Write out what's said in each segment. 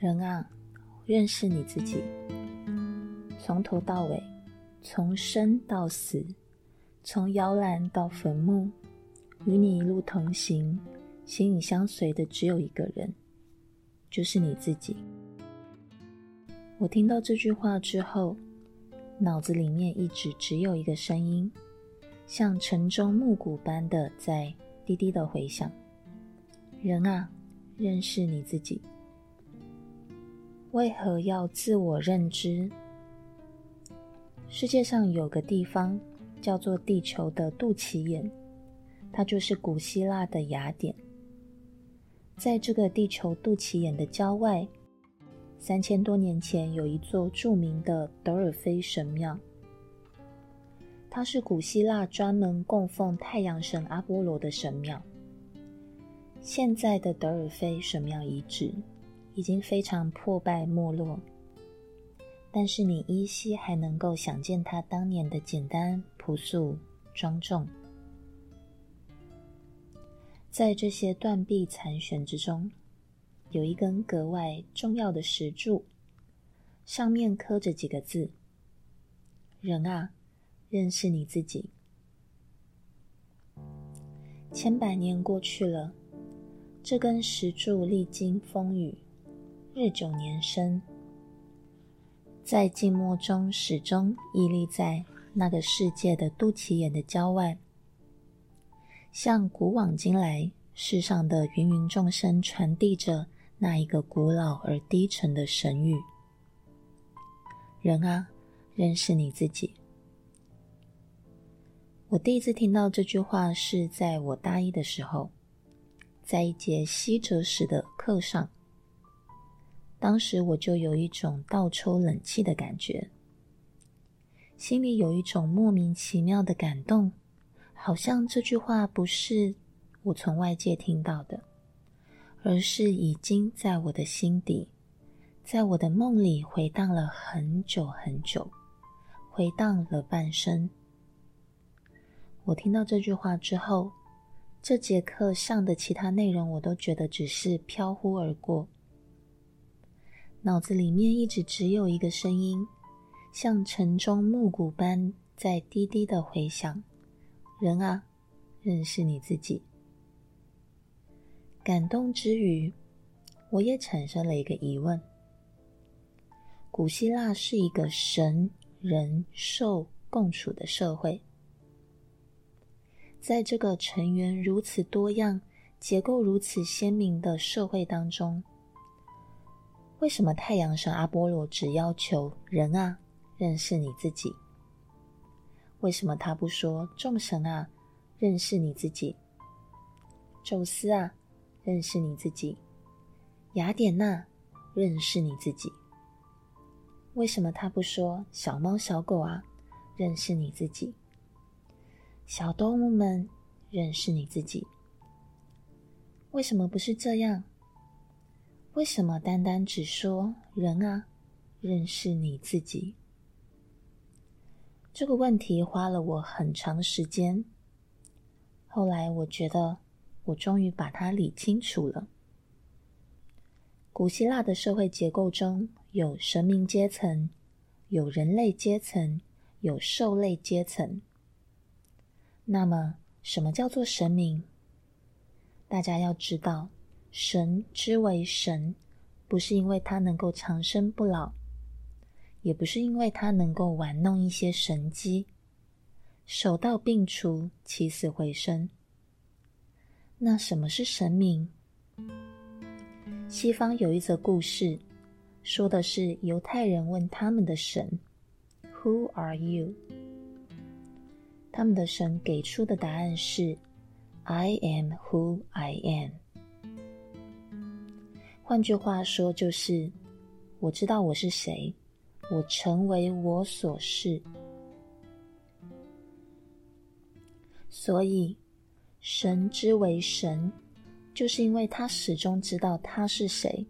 人啊，認識你自己。從頭到尾，從生到死，從搖籃到墳墓，與你一路同行、形影相隨的只有一個人，就是你自己。我聽到這句話之後，腦子裡面一直只有一個聲音，像晨鐘暮鼓般的在滴滴的回響。人啊，認識你自己。為何要自我認知？世界上有個地方叫做地球的肚臍眼，它就是古希臘的雅典。在這個地球肚臍眼的郊外，三千多年前有一座著名的德爾菲神廟，它是古希臘專門供奉太陽神阿波羅的神廟。現在的德爾菲神廟遺址。已經非常破敗沒落，但是你依稀還能夠想見他當年的簡單、樸素、莊重。在這些斷壁殘垣之中，有一根格外重要的石柱，上面刻着幾個字：“人啊，認識你自己。”千百年過去了，這根石柱歷經風雨。日久年深，在靜默中始終屹立在那個世界的肚臍眼的郊外，向古往今來世上的芸芸眾生傳遞着那一個古老而低沉的神諭。“人啊，認識你自己。”我第一次聽到這句話是在我大一的時候，在一節西哲史的課上。當時我就有一種倒抽冷氣的感覺，心裡有一種莫名其妙的感動，好像這句話不是我從外界聽到的，而是已經在我的心底，在我的夢裡回盪了很久很久，回盪了半生。我聽到這句話之後，這節課上的其他內容我都覺得只是飄忽而過。腦子裡面一直只有一個聲音，像晨鐘暮鼓般在低低的回響。人啊，認識你自己。感動之餘，我也產生了一個疑問：古希臘是一個神人獸共處的社會，在這個成員如此多樣、結構如此鮮明的社會當中，為什麼太陽神阿波羅只要求人啊，認識你自己？為什麼他不說眾神啊，認識你自己？宙斯啊，認識你自己？雅典娜認識你自己？為什麼他不說小貓小狗啊，認識你自己？小動物們認識你自己？為什麼不是這樣？為什麼單單只說人啊？認識你自己。這個問題花了我很長時間。後來我覺得，我終於把它理清楚了。古希臘的社會結構中有神明階層，有人類階層，有獸類階層。那麼，什麼叫做神明？大家要知道。神之為神，不是因為他能夠長生不老，也不是因為他能夠玩弄一些神蹟，手到病除，起死回生。那什麼是神明？西方有一則故事，說的是猶太人問他們的神：“Who are you？” 他們的神給出的答案是：“I am who I am。”換句話說，就是我知道我是誰，我成為我所是。所以，神之為神，就是因為他始終知道他是誰，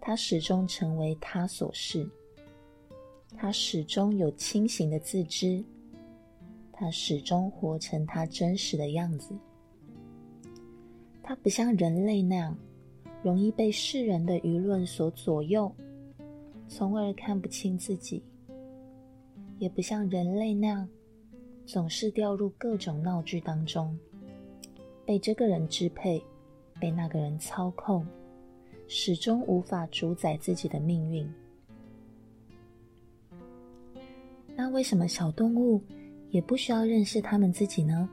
他始終成為他所是。他始終有清醒的自知，他始終活成他真實的樣子，他不像人類那樣。容易被世人的輿論所左右，從而看不清自己。也不像人類那樣，總是掉入各種鬧劇當中，被這個人支配，被那個人操控，始終無法主宰自己的命運。那為什麼小動物也不需要認識他們自己呢？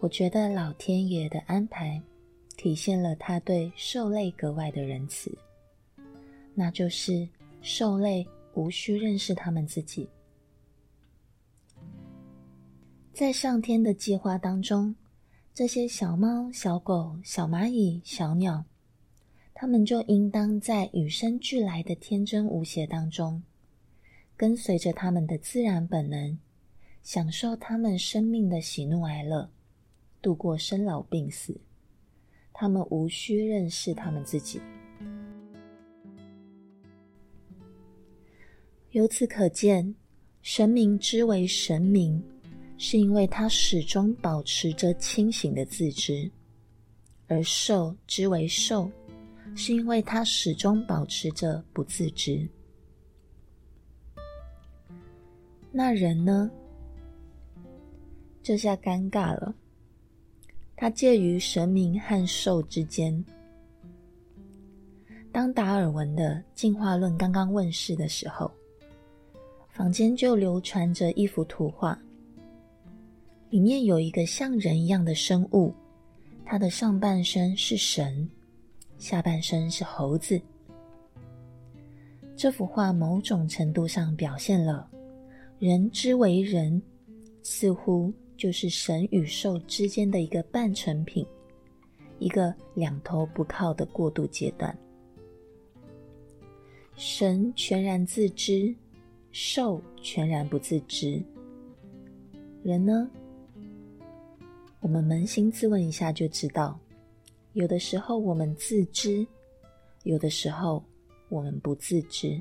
我覺得老天爺的安排，體現了他對獸類格外的仁慈，那就是獸類無需認識他們自己，在上天的計劃當中，這些小貓、小狗、小螞蟻、小鳥，它們就應當在與生俱來的天真無邪當中，跟隨着他們的自然本能，享受他們生命的喜怒哀樂。度過生老病死，他們無需認識他們自己。由此可見，神明之為神明，是因為他始終保持着清醒的自知；而獸之為獸，是因為他始終保持着不自知。那人呢？這下尷尬了。它介於神明和獸之間。當達爾文的進化論剛剛問世的時候，坊間就流傳着一幅圖畫，裡面有一個像人一樣的生物，它的上半身是神，下半身是猴子。這幅畫某種程度上表現了人之為人，似乎，就是神與獸之間的一個半成品，一個兩頭不靠的過渡階段。神全然自知，獸全然不自知。人呢？我們捫心自問一下就知道，有的時候我們自知，有的時候我們不自知。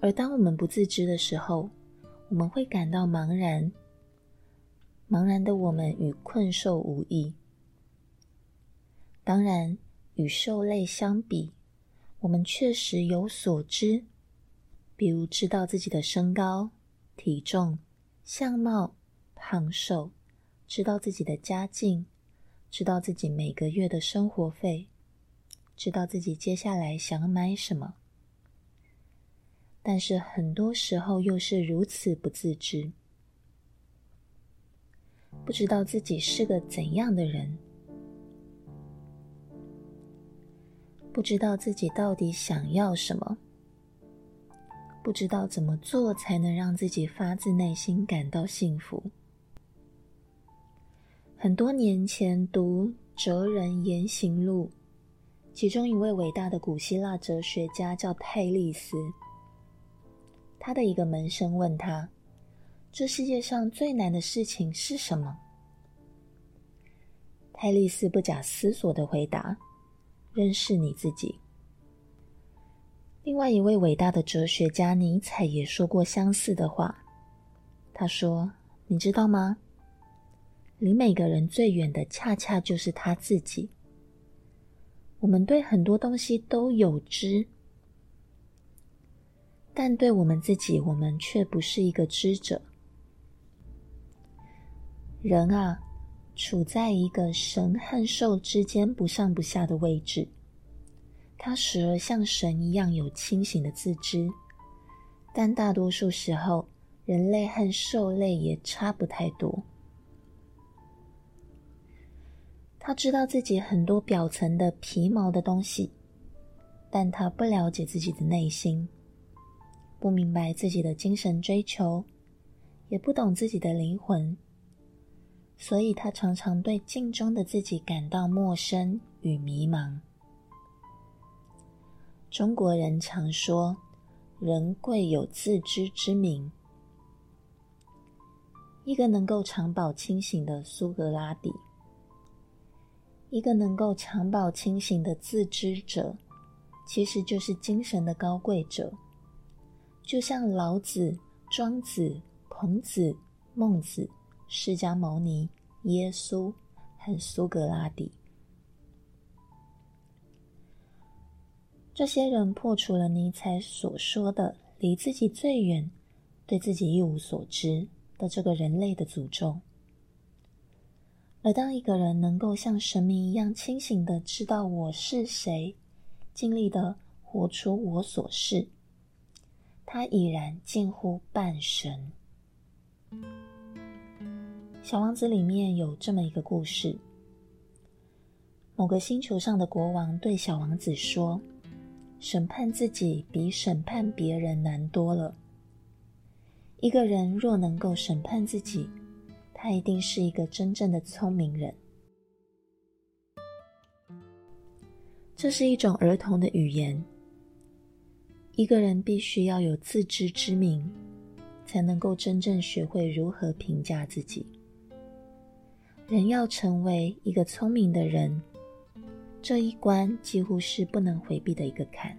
而當我們不自知的時候，我們會感到茫然，茫然的我們與困獸無異。當然，與獸類相比，我們確實有所知，比如知道自己的身高、體重、相貌、胖瘦，知道自己的家境，知道自己每個月的生活費，知道自己接下來想買什麼。但是很多時候又是如此不自知，不知道自己是個怎樣的人，不知道自己到底想要什麼，不知道怎麼做才能讓自己發自內心感到幸福。很多年前讀《哲人言行錄》，其中一位偉大的古希臘哲學家叫泰利斯。他的一個門生問他：“這世界上最難的事情是什麼？”泰利斯不假思索的回答：“認識你自己。”另外一位偉大的哲學家尼采也說過相似的話。他說：“你知道嗎？離每個人最遠的，恰恰就是他自己。我們對很多東西都有知。”但對我們自己，我們卻不是一個知者。人啊，處在一個神和獸之間不上不下的位置。他時而像神一樣有清醒的自知，但大多數時候，人類和獸類也差不太多。他知道自己很多表層的皮毛的東西，但他不了解自己的內心。不明白自己的精神追求，也不懂自己的靈魂，所以他常常對鏡中的自己感到陌生與迷茫。中國人常說：“人貴有自知之明。”一個能夠常保清醒的蘇格拉底，一個能夠常保清醒的自知者，其實就是精神的高貴者。就像老子、莊子、孔子、孟子、釋迦牟尼、耶穌和蘇格拉底，這些人破除了尼采所說的“離自己最遠，對自己一無所知”的這個人類的詛咒。而當一個人能夠像神明一樣清醒的知道我是誰，盡力的活出我所是。他已然近乎半神。《小王子》裡面有這麼一個故事：某個星球上的國王對小王子說，“審判自己比審判別人難多了。一個人若能夠審判自己，他一定是一個真正的聰明人。”這是一種兒童的語言。一個人必須要有自知之明，才能夠真正學會如何評價自己。人要成為一個聰明的人，這一關幾乎是不能回避的一個坎。